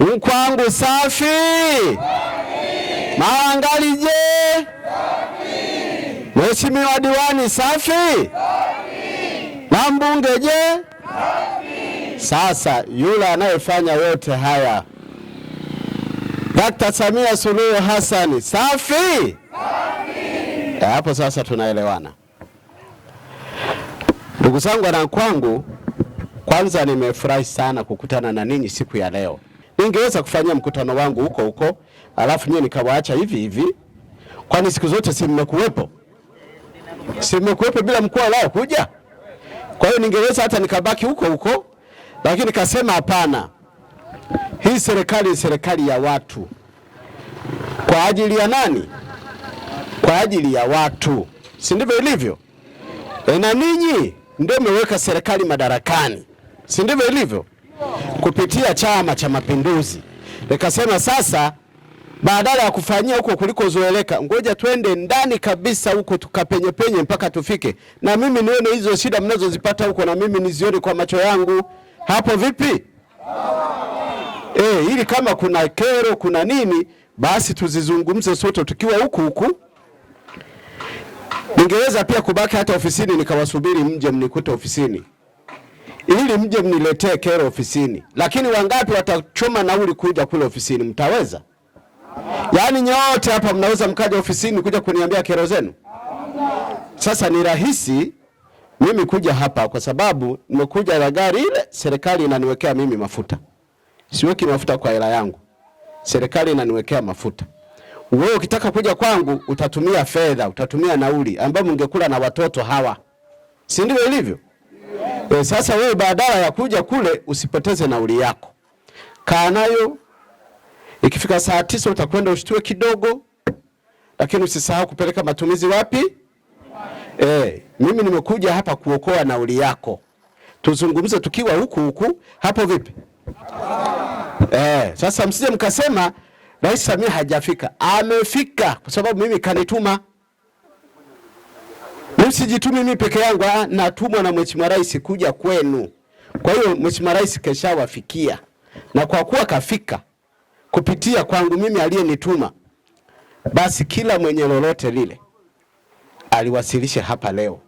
Ukwangu safi, Marangali je, Mheshimiwa diwani safi, na mbunge je? Sasa yule anayefanya yote haya Dakta Samia Suluhu Hassan safi, Ya, hapo sasa tunaelewana ndugu zangu, na kwangu kwanza, nimefurahi sana kukutana na ninyi siku ya leo ningeweza kufanyia mkutano wangu huko huko, alafu nyie nikawaacha hivi hivi, kwani siku zote si mmekuwepo? Si mmekuwepo bila mkuu wa wilaya kuja? Kwa hiyo ningeweza hata nikabaki huko huko, lakini kasema hapana, hii serikali ni serikali ya watu. Kwa ajili ya nani? Kwa ajili ya watu, si ndivyo ilivyo? E, na ninyi ndio mmeweka serikali madarakani, si ndivyo ilivyo? kupitia Chama cha Mapinduzi. Nikasema sasa, badala ya kufanyia huko kulikozoeleka, ngoja twende ndani kabisa huko tukapenye penye mpaka tufike, na mimi nione hizo shida mnazozipata huko, na mimi nizione kwa macho yangu. Hapo vipi? Eh, ili kama kuna kero, kuna nini, basi tuzizungumze sote tukiwa huku huku. Ningeweza pia kubaki hata ofisini nikawasubiri mje mnikute ofisini ili mje mniletee kero ofisini. Lakini wangapi watachoma nauli kuja kule ofisini? Mtaweza? Yaani nyote hapa mnaweza mkaja ofisini kuja kuniambia kero zenu? Sasa ni rahisi mimi kuja hapa kwa sababu nimekuja na gari ile, serikali inaniwekea mimi mafuta. Siweki mafuta kwa hela yangu, serikali inaniwekea mafuta. Wewe ukitaka kuja kwangu utatumia fedha, utatumia nauli ambayo mngekula na watoto hawa, si ndivyo ilivyo? E, sasa wewe badala ya kuja kule usipoteze nauli yako, kaa nayo. Ikifika saa tisa utakwenda ushtue kidogo, lakini usisahau kupeleka matumizi wapi. E, mimi nimekuja hapa kuokoa nauli yako, tuzungumze tukiwa huku huku, hapo vipi? E, sasa msije mkasema Rais Samia hajafika. Amefika kwa sababu mimi kanituma msijitume mimi peke yangu, ah, natumwa na Mheshimiwa Rais kuja kwenu. Kwa hiyo Mheshimiwa Rais keshawafikia, na kwa kuwa kafika kupitia kwangu mimi aliyenituma, basi kila mwenye lolote lile aliwasilishe hapa leo,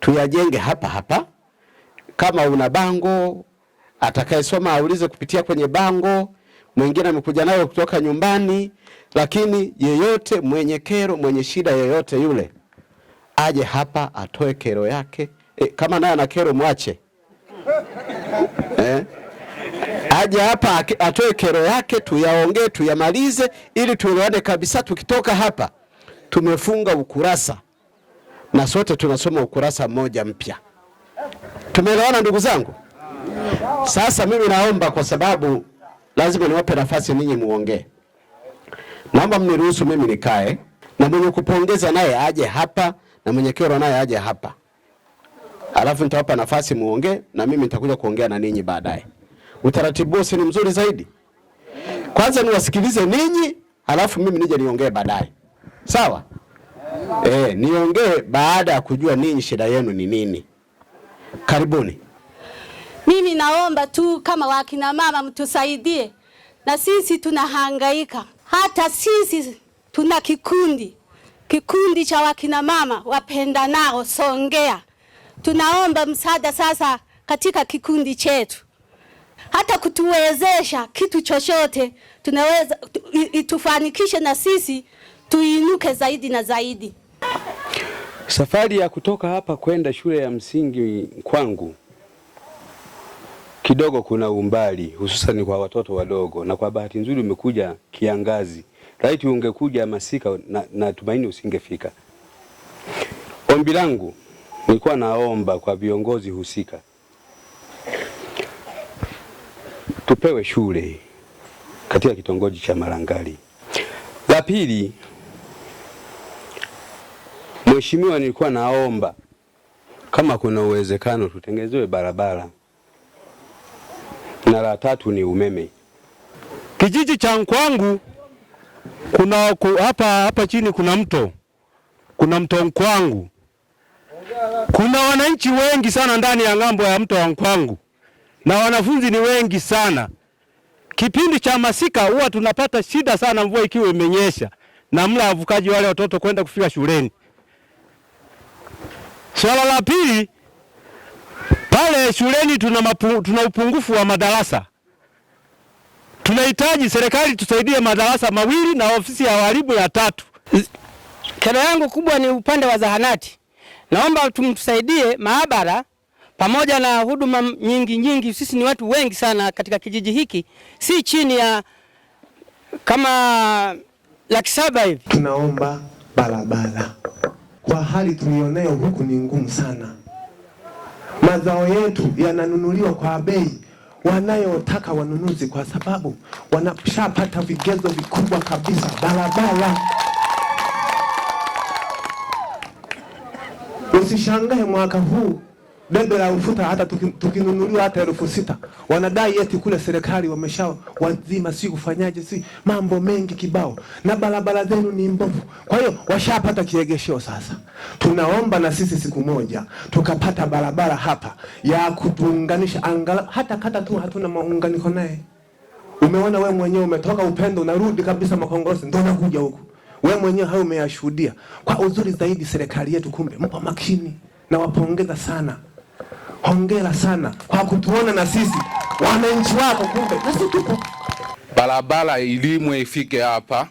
tuyajenge hapa hapa. Kama una bango, atakayesoma aulize kupitia kwenye bango, mwingine amekuja nayo kutoka nyumbani, lakini yeyote mwenye kero, mwenye shida yoyote yule aje hapa atoe kero yake e, kama naye ana kero mwache eh? aje hapa atoe kero yake, tuyaongee tuyamalize, ili tuelewane kabisa. Tukitoka hapa tumefunga ukurasa na sote tunasoma ukurasa mmoja mpya. Tumeelewana ndugu zangu? Sasa mimi naomba, kwa sababu lazima niwape nafasi ninyi muongee, naomba mniruhusu mimi nikae, na mwenye kupongeza naye aje hapa na mwenye kero naye aje hapa, alafu nitawapa nafasi muongee, na mimi nitakuja kuongea na ninyi baadaye. Utaratibu si ni mzuri zaidi? Kwanza niwasikilize ninyi, alafu mimi nije niongee baadaye, sawa? Eh. eh, niongee baada ya kujua ninyi shida yenu ni nini. Karibuni. Mimi naomba tu kama wakina mama mtusaidie, na sisi tunahangaika, hata sisi tuna kikundi kikundi cha wakinamama nao Songea, tunaomba msaada sasa katika kikundi chetu, hata kutuwezesha kitu chochote tunaweza itufanikishe na sisi tuinuke zaidi na zaidi. Safari ya kutoka hapa kwenda shule ya msingi kwangu kidogo kuna umbali, hususani kwa watoto wadogo, na kwa bahati nzuri umekuja kiangazi laiti ungekuja masika na, na tumaini usingefika. Ombi langu nilikuwa naomba kwa viongozi husika tupewe shule katika kitongoji cha Marangali. La pili, mheshimiwa, nilikuwa naomba kama kuna uwezekano tutengezewe barabara, na la tatu ni umeme. Kijiji cha Nkwangu kuna ku, hapa hapa chini kuna mto, kuna mto Nkwangu. Kuna wananchi wengi sana ndani ya ng'ambo ya mto wa Nkwangu na wanafunzi ni wengi sana. Kipindi cha masika huwa tunapata shida sana, mvua ikiwa imenyesha na mla wavukaji wale watoto kwenda kufika shuleni. Swala la pili, pale shuleni tuna, mapu, tuna upungufu wa madarasa Tunahitaji serikali tusaidie madarasa mawili na ofisi ya walimu ya tatu. Kero yangu kubwa ni upande wa zahanati, naomba tumtusaidie maabara pamoja na huduma nyingi nyingi. Sisi ni watu wengi sana katika kijiji hiki, si chini ya kama laki saba hivi. Tunaomba barabara, kwa hali tulionayo huku ni ngumu sana. Mazao yetu yananunuliwa kwa bei wanayotaka wanunuzi, kwa sababu wanashapata vigezo vikubwa kabisa barabara. Usishangae mwaka huu debe la ufuta hata tukinunuliwa hata elfu sita wanadai eti kule serikali wamesha wazima, si kufanyaje, si mambo mengi kibao, na barabara zenu ni mbovu. Kwa hiyo washapata kiegesheo. Sasa tunaomba na sisi siku moja tukapata barabara hapa ya kutuunganisha, angala hata kata tu hatuna maunganiko naye. Umeona we mwenyewe, umetoka Upendo unarudi kabisa Makongorosi, ndo nakuja huku, we mwenyewe hayo umeyashuhudia kwa uzuri zaidi. Serikali yetu kumbe mpo makini, nawapongeza sana hongera sana kwa kutuona na sisi wananchi wako, kumbe na sisi tupo. Barabara ilimwe ifike hapa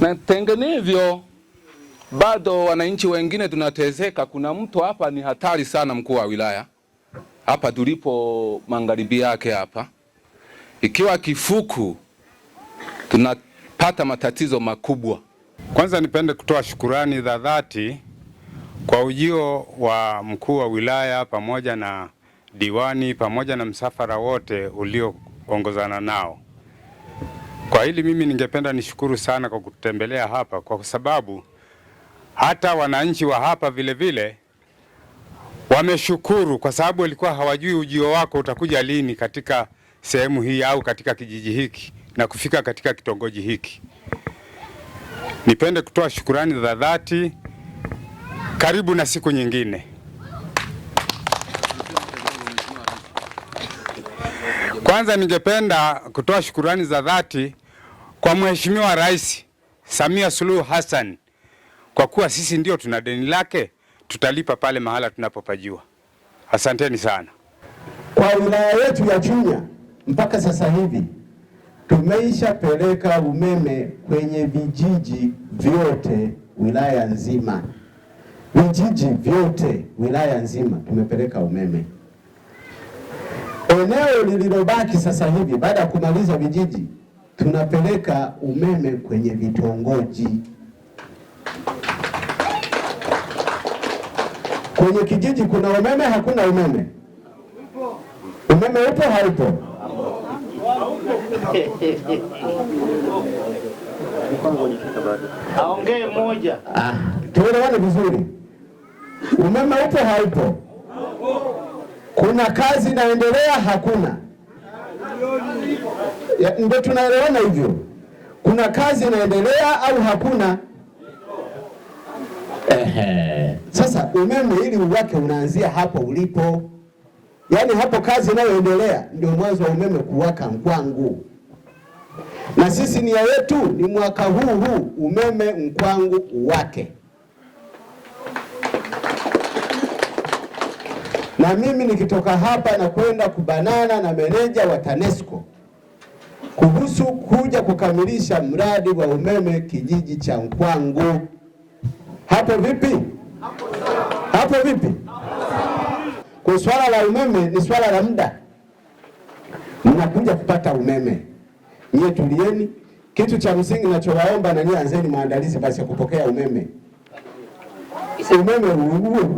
na tengenevyo, bado wananchi wengine tunatezeka. Kuna mtu hapa ni hatari sana, mkuu wa wilaya hapa tulipo magharibi yake hapa, ikiwa kifuku tunapata matatizo makubwa. Kwanza nipende kutoa shukurani za dhati kwa ujio wa mkuu wa wilaya pamoja na diwani pamoja na msafara wote ulioongozana nao. Kwa hili mimi ningependa nishukuru sana kwa kutembelea hapa, kwa sababu hata wananchi wa hapa vile vile wameshukuru, kwa sababu walikuwa hawajui ujio wako utakuja lini katika sehemu hii au katika kijiji hiki na kufika katika kitongoji hiki. Nipende kutoa shukurani za dhati karibu na siku nyingine. Kwanza ningependa kutoa shukurani za dhati kwa Mheshimiwa Rais Samia Suluhu Hassan kwa kuwa sisi ndio tuna deni lake, tutalipa pale mahala tunapopajua. Asanteni sana. Kwa wilaya yetu ya Chunya mpaka sasa hivi tumeishapeleka umeme kwenye vijiji vyote wilaya nzima vijiji vyote, wilaya nzima tumepeleka umeme. Eneo lililobaki sasa hivi baada ya kumaliza vijiji, tunapeleka umeme kwenye vitongoji. Kwenye kijiji kuna umeme, hakuna umeme? Umeme upo, haupo? Tuelewane vizuri. Umeme upo haupo? Kuna kazi inaendelea hakuna? Ndio tunaelewana hivyo. Kuna kazi inaendelea au hakuna? Ehe. Sasa umeme ili uwake unaanzia hapo ulipo, yaani hapo kazi inayoendelea ndio mwanzo wa umeme kuwaka Mkwangu, na sisi nia yetu ni mwaka huu huu umeme Mkwangu uwake. na mimi nikitoka hapa na kwenda kubanana na meneja wa TANESCO kuhusu kuja kukamilisha mradi wa umeme kijiji cha Nkwangu. Hapo vipi? Hapo vipi? Kwa swala la umeme ni swala la muda, mnakuja kupata umeme. Nyie tulieni. Kitu cha msingi nachowaomba na nyie, anzeni maandalizi basi ya kupokea umeme. Umeme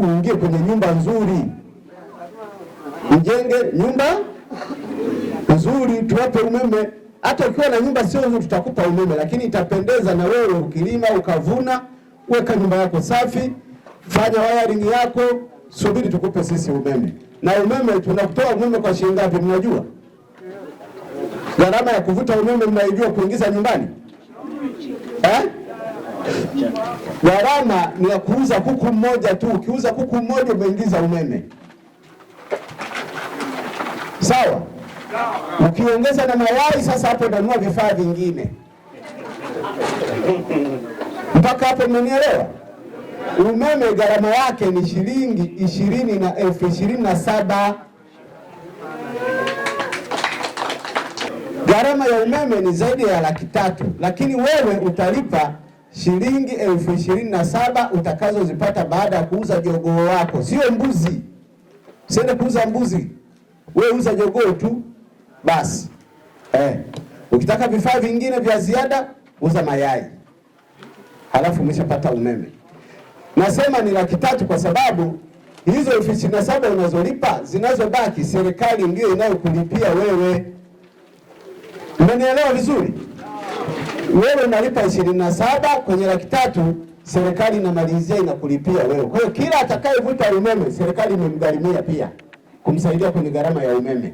uingie kwenye nyumba nzuri mjenge nyumba nzuri, tuwape umeme. Hata ukiwa na nyumba sio nzuri, tutakupa umeme, lakini itapendeza na wewe ukilima, ukavuna, weka nyumba yako safi, fanya wiring yako, subiri tukupe sisi umeme. Na umeme tunakutoa umeme kwa shilingi ngapi? Mnajua gharama ya kuvuta umeme mnaijua, kuingiza nyumbani eh? Gharama ni ya kuuza kuku mmoja tu. Ukiuza kuku mmoja umeingiza umeme sawa. Ukiongeza na mayai sasa, hapo ndanua vifaa vingine mpaka hapo, mmenielewa? Umeme gharama yake ni shilingi ishirini na elfu ishirini na saba. Gharama ya umeme ni zaidi ya laki tatu, lakini wewe utalipa shilingi elfu ishirini na saba utakazozipata baada ya kuuza jogoo wako, sio mbuzi. siende kuuza mbuzi wewe uza jogoo tu basi eh. Ukitaka vifaa vingine vya ziada uza mayai, halafu umeshapata umeme. Nasema ni laki tatu kwa sababu hizo elfu ishirini na saba unazolipa zinazobaki serikali ndio inayokulipia wewe. Umenielewa vizuri? Wewe unalipa ishirini na saba kwenye laki tatu, serikali inamalizia inakulipia wewe. Kwa hiyo kila atakayevuta umeme serikali imemgharimia pia kumsaidia kwenye gharama ya umeme.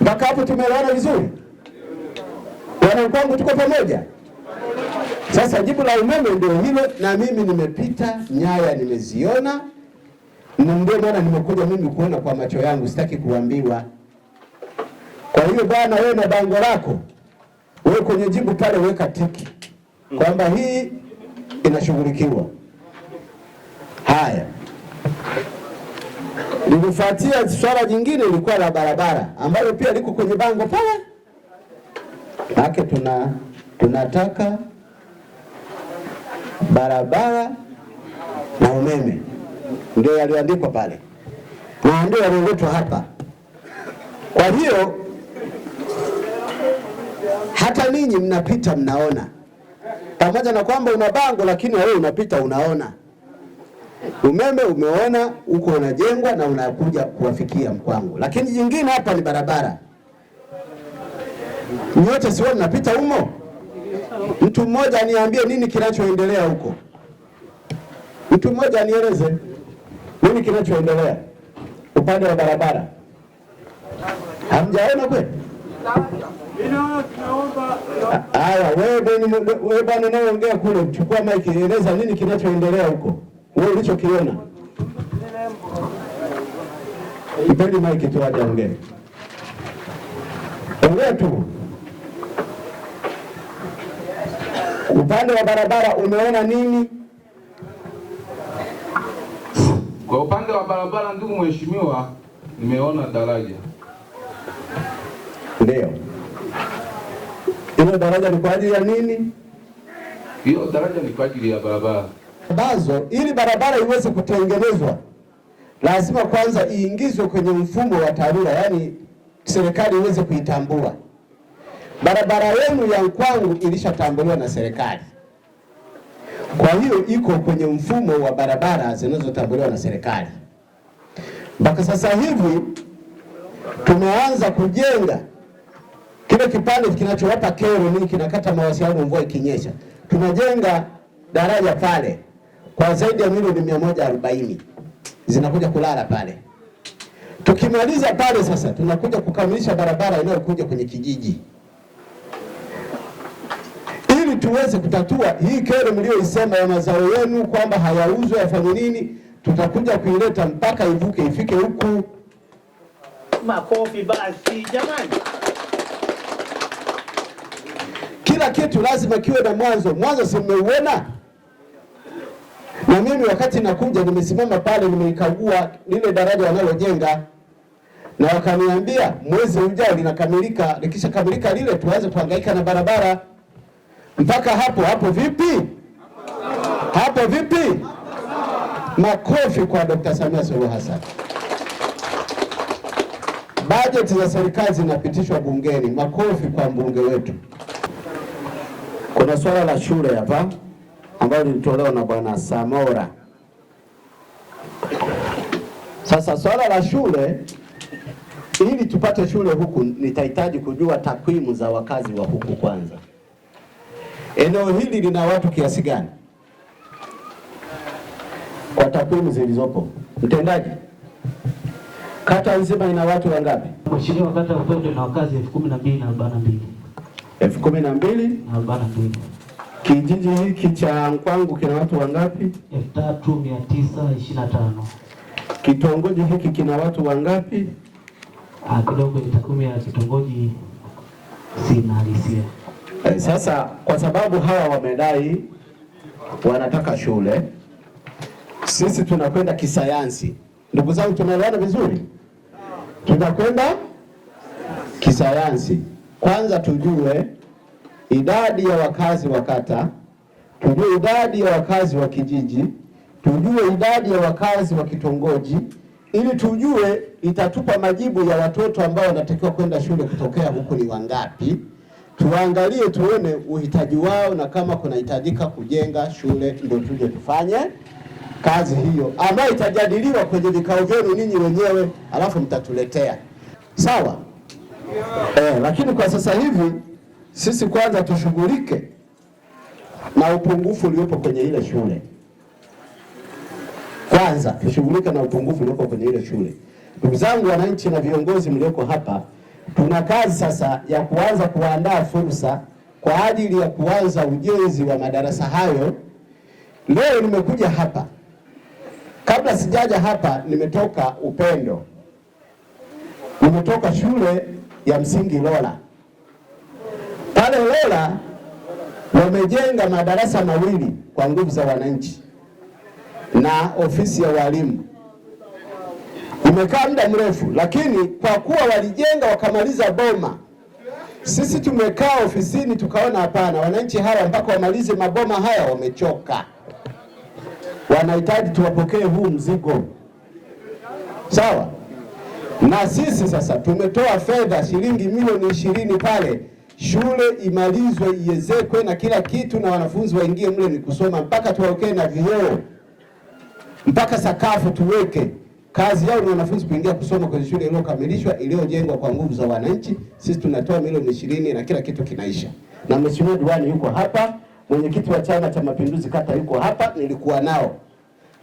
Mpaka hapo tumeelewana vizuri, wanakwangu, yaani tuko pamoja. Sasa jibu la umeme ndio hilo, na mimi nimepita Nyaya, nimeziona, ndio maana nimekuja mimi kuona kwa macho yangu, sitaki kuambiwa. Kwa hiyo bwana, wewe na bango lako wewe, kwenye jibu pale weka tiki kwamba hii inashughulikiwa. Haya. Lilifuatia swala jingine ilikuwa la barabara ambalo pia liko kwenye bango pale ake, tuna tunataka barabara na umeme, ndio yaliyoandikwa pale na ndio yaliyoletwa hapa. Kwa hiyo hata ninyi mnapita mnaona, pamoja na kwamba una bango, lakini wewe unapita unaona. Umeme umeona uko unajengwa na unakuja kuwafikia Mkwangu, lakini jingine hapa ni barabara. Nyote siwe napita humo, mtu mmoja aniambie nini kinachoendelea huko, mtu mmoja anieleze nini kinachoendelea upande wa barabara. Hamjaona kweli? Haya, wewe bwana unayeongea kule, chukua maiki, eleza nini kinachoendelea huko wewe ulichokiona. Ipeni maiki tu aje ongee, ongee tu. Upande wa barabara umeona nini? Kwa upande wa barabara, ndugu mheshimiwa, nimeona daraja. Ndio hilo daraja ni kwa ajili ya nini? Hiyo daraja ni kwa ajili ya barabara ambazo ili barabara iweze kutengenezwa lazima kwanza iingizwe kwenye mfumo wa TARURA, yaani serikali iweze kuitambua. Barabara yenu ya Nkwangu ilishatambuliwa na serikali, kwa hiyo iko kwenye mfumo wa barabara zinazotambuliwa na serikali. Mpaka sasa hivi tumeanza kujenga kile kipande kinachowapa kero, ni kinakata mawasiliano mvua ikinyesha, tunajenga daraja pale kwa zaidi ya milioni mia moja arobaini zinakuja kulala pale. Tukimaliza pale sasa, tunakuja kukamilisha barabara inayokuja kwenye kijiji ili tuweze kutatua hii kero mliyoisema ya mazao yenu kwamba hayauzwe yafanye nini, tutakuja kuileta mpaka ivuke ifike huku. Makofi basi jamani. Kila kitu lazima kiwe na mwanzo. Mwanzo si mmeuona? Na mimi wakati nakuja nimesimama pale, nimeikagua lile daraja wanalojenga, na wakaniambia mwezi ujao linakamilika, likishakamilika lile tuanze kuhangaika na barabara. Mpaka hapo hapo vipi? Hapo vipi? Makofi kwa Dkt. Samia Suluhu Hassan. Bajeti za serikali zinapitishwa bungeni. Makofi kwa mbunge wetu. Kuna swala la shule hapa ambayo lilitolewa na Bwana Samora. Sasa swala la shule, ili tupate shule huku, nitahitaji kujua takwimu za wakazi wa huku kwanza. Eneo hili lina watu kiasi gani kwa takwimu zilizopo? Mtendaji, kata nzima ina watu wangapi? Mheshimiwa, kata Upendo na wakazi elfu kumi na mbili na arobaini na mbili elfu kumi na mbili na arobaini na mbili Kijiji hiki cha Nkwangu kina watu wangapi? 3925. Kitongoji hiki kina watu wangapi? Ah, kidogo takwimu ya kitongoji sina halisia. Eh, sasa kwa sababu hawa wamedai wanataka shule, sisi tunakwenda kisayansi. Ndugu zangu, tunaelewana vizuri? Tunakwenda kisayansi. Kwanza tujue idadi ya wakazi wa kata, tujue idadi ya wakazi wa kijiji, tujue idadi ya wakazi wa kitongoji, ili tujue itatupa majibu ya watoto ambao wanatakiwa kwenda shule kutokea huku ni wangapi. Tuangalie tuone uhitaji wao, na kama kunahitajika kujenga shule ndio tuje tufanye kazi hiyo ambayo itajadiliwa kwenye vikao vyenu ninyi wenyewe, alafu mtatuletea sawa. Eh, lakini kwa sasa hivi sisi kwanza tushughulike na upungufu uliopo kwenye ile shule kwanza, tushughulike na upungufu uliopo kwenye ile shule. Ndugu zangu wananchi na viongozi mlioko hapa, tuna kazi sasa ya kuanza kuandaa fursa kwa ajili ya kuanza ujenzi wa madarasa hayo. Leo nimekuja hapa, kabla sijaja hapa nimetoka Upendo, nimetoka shule ya msingi Lola pale lola wamejenga madarasa mawili kwa nguvu za wananchi na ofisi ya walimu imekaa muda mrefu, lakini kwa kuwa walijenga wakamaliza boma, sisi tumekaa ofisini tukaona hapana, wananchi hawa mpaka wamalize maboma haya wamechoka, wanahitaji tuwapokee huu mzigo. Sawa na sisi sasa tumetoa fedha shilingi milioni ishirini pale shule imalizwe iezekwe na kila kitu, na wanafunzi waingie mle ni kusoma, mpaka tuwaokee na vioo, mpaka sakafu tuweke. Kazi yao ni wanafunzi kuingia kusoma kwenye shule iliyokamilishwa iliyojengwa kwa nguvu za wananchi. Sisi tunatoa milioni ishirini na kila kitu kinaisha. Na mheshimiwa diwani yuko hapa, mwenyekiti wa Chama cha Mapinduzi kata yuko hapa, nilikuwa nao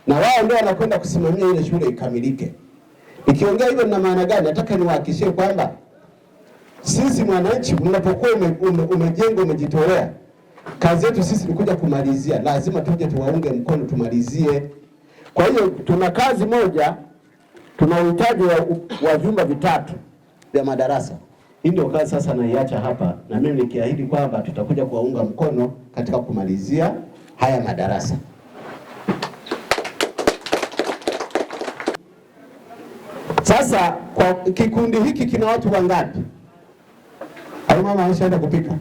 na wao ndio wanakwenda kusimamia ile shule ikamilike. Ikiongea hivyo, na maana gani? Nataka niwahakishie kwamba sisi mwananchi, unapokuwa umejenga, umejitolea, kazi yetu sisi ni kuja kumalizia, lazima tuje tuwaunge mkono, tumalizie. Kwa hiyo tuna kazi moja, tuna uhitaji wa, wa vyumba vitatu vya madarasa. Hii ndio kazi sasa naiacha hapa, na mimi nikiahidi kwamba tutakuja kuwaunga mkono katika kumalizia haya madarasa. Sasa kwa kikundi hiki kina watu wangapi? Au mama kupika?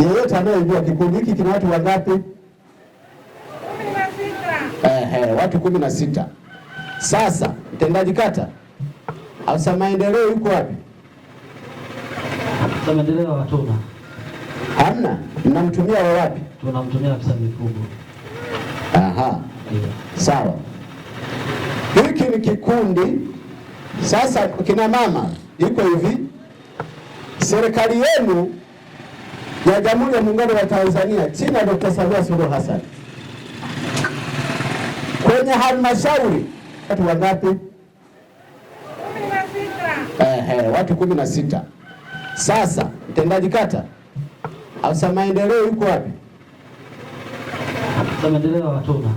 Yeyote anayejua kikundi hiki kina watu wangapi? Eh, eh, watu kumi na sita. Sasa mtendaji kata, afisa maendeleo yuko wapi? Afisa maendeleo hatuna. Hamna? Mnamtumia wa wapi? Tunamtumia afisa mifugo. Aha. Sawa. Hiki ni kikundi sasa kina mama, iko hivi, serikali yenu ya Jamhuri ya Muungano wa Tanzania chini ya Dkt. Samia Suluhu Hassan kwenye halmashauri watu wangapi? Eh, watu kumi na sita. Sasa mtendaji kata afisa maendeleo yuko wapi? maendeleo hatuna.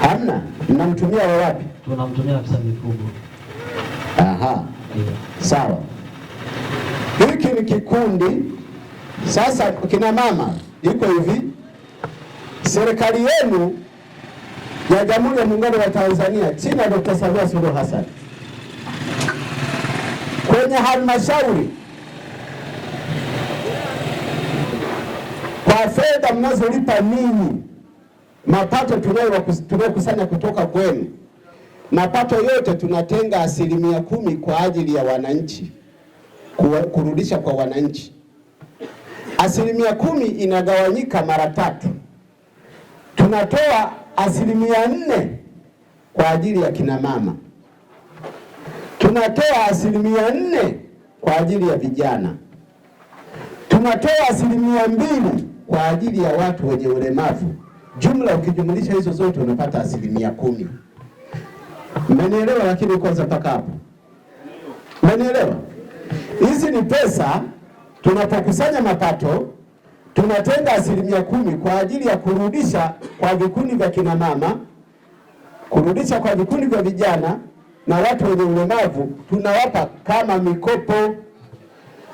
Hamna, mnamtumia wa wapi? Tunamtumia afisa mifugo. Aha, sawa. Hiki ni kikundi sasa. Kina mama, iko hivi, serikali yenu ya Jamhuri ya Muungano wa Tanzania chini ya Dr. Samia Suluhu Hassan kwenye halmashauri kwa fedha mnazolipa ninyi, mapato tunayokusanya kutoka kwenu mapato yote tunatenga asilimia kumi kwa ajili ya wananchi kuwa, kurudisha kwa wananchi. Asilimia kumi inagawanyika mara tatu, tunatoa asilimia nne kwa ajili ya kinamama, tunatoa asilimia nne kwa ajili ya vijana, tunatoa asilimia mbili kwa ajili ya watu wenye ulemavu. Jumla ukijumlisha hizo zote unapata asilimia kumi. Mmenielewa? Lakini kwanza mpaka hapo mmenielewa? Hizi ni pesa, tunapokusanya mapato tunatenga asilimia kumi kwa ajili ya kurudisha kwa vikundi vya kinamama, kurudisha kwa vikundi vya vijana na watu wenye ulemavu, tunawapa kama mikopo,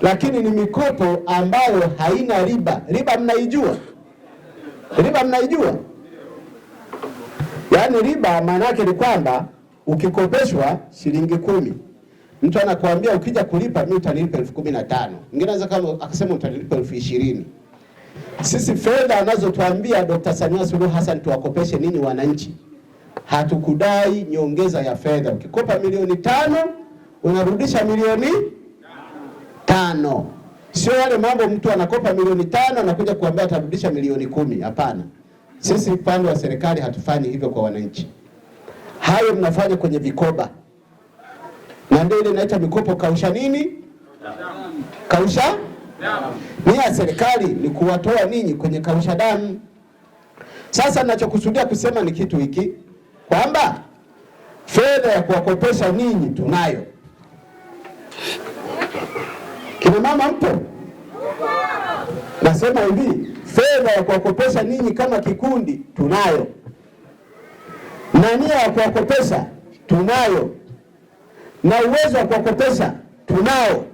lakini ni mikopo ambayo haina riba. Riba mnaijua? Riba mnaijua? Yaani riba maana yake ni kwamba ukikopeshwa shilingi kumi, mtu anakuambia ukija kulipa mimi utanilipa elfu kumi na tano, mwingine akasema utanilipa elfu ishirini. Sisi fedha anazotuambia Dr. Samia Suluhu Hassan tuwakopeshe nini wananchi, hatukudai nyongeza ya fedha. Ukikopa milioni tano unarudisha milioni tano. Sio wale mambo mtu anakopa milioni tano anakuja kuambia atarudisha milioni kumi. Hapana, sisi upande wa serikali hatufanyi hivyo kwa wananchi hayo mnafanya kwenye vikoba, na ndio ile inaita mikopo kausha nini, kausha damu. Nia ya serikali ni kuwatoa ninyi kwenye kausha damu. Sasa ninachokusudia kusema ni kitu hiki kwamba fedha ya kuwakopesha ninyi tunayo. Kina mama mpo? Nasema hivi, fedha ya kuwakopesha ninyi kama kikundi tunayo na nia ya kuwakopesha tunayo, na uwezo wa kuwakopesha tunao.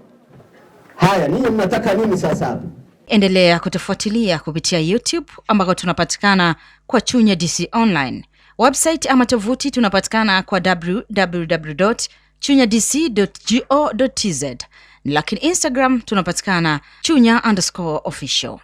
Haya, ninyi mnataka nini sasa hapa? Endelea kutufuatilia kupitia YouTube ambako tunapatikana kwa Chunya DC Online, website ama tovuti tunapatikana kwa www chunya dc go tz, lakini Instagram tunapatikana chunya underscore official.